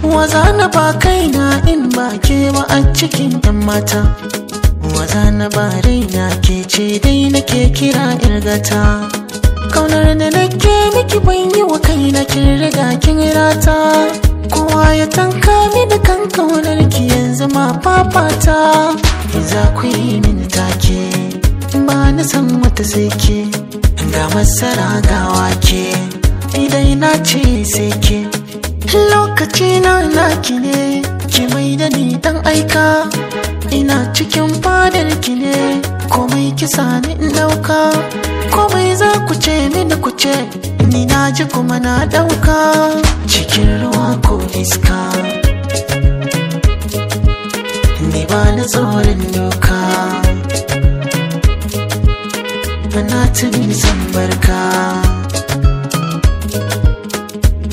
Waza na ba kaina in ba ke ba a cikin yan mata. Waza na ba raina ke ce dai nake kira irgata. Kaunar da nake miki ban yi wa kaina kin riga kin rata. Kowa ya tanka mi da kan kaunar ki yanzu ma fafata. za ku yi min take ba na san wata sai ke ga masara ga ke idai na ce sai ke lokaci na ki ne ki mai da ni dan aika ina cikin fadar ki ne komai ki sani in dauka komai za ku ce mini ku ce ni na ji kuma na dauka cikin ruwa ko iska tsoron doka bana tuni zan barka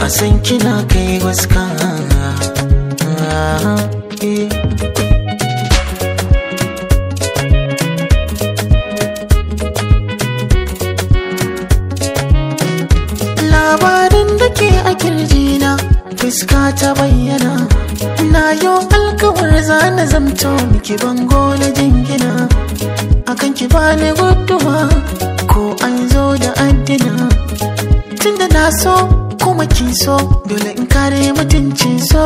a san kina kai waska eh. labarin da ke a kirjina fuska ta bayyana zane zamto ki bango na jingina akan ki bani guduma ko an zo da addina tunda na so kuma kin so dole in kare mutuncin so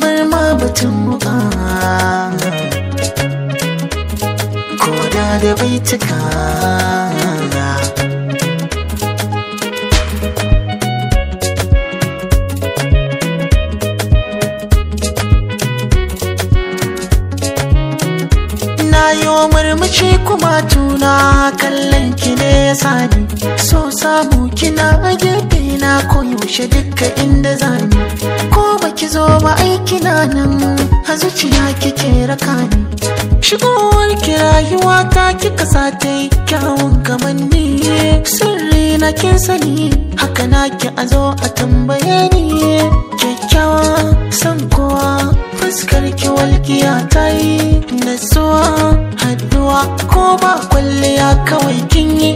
bar ma batun muka ko da da baituka murmushi kuma tuna kallon ki ne sani so samu kina a gefe na koyaushe duka inda zani ko baki zo ba aiki na nan a zuciya kike raka ni shigowar ki rayuwa ta kika sa ta yi kyawun sirri na kin sani haka na ki a zo a tambaye ni kyakkyawa ko ba kwalliya kawai kin yi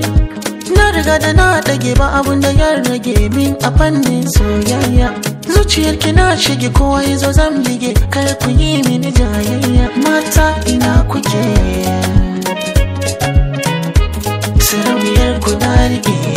na riga da na dage ba abun da ya rage min a fannin soyayya zuciyar ki na shige kowa ya zan bige kar ku yi mini jayayya mata ina kuke sarauniyar ku na rige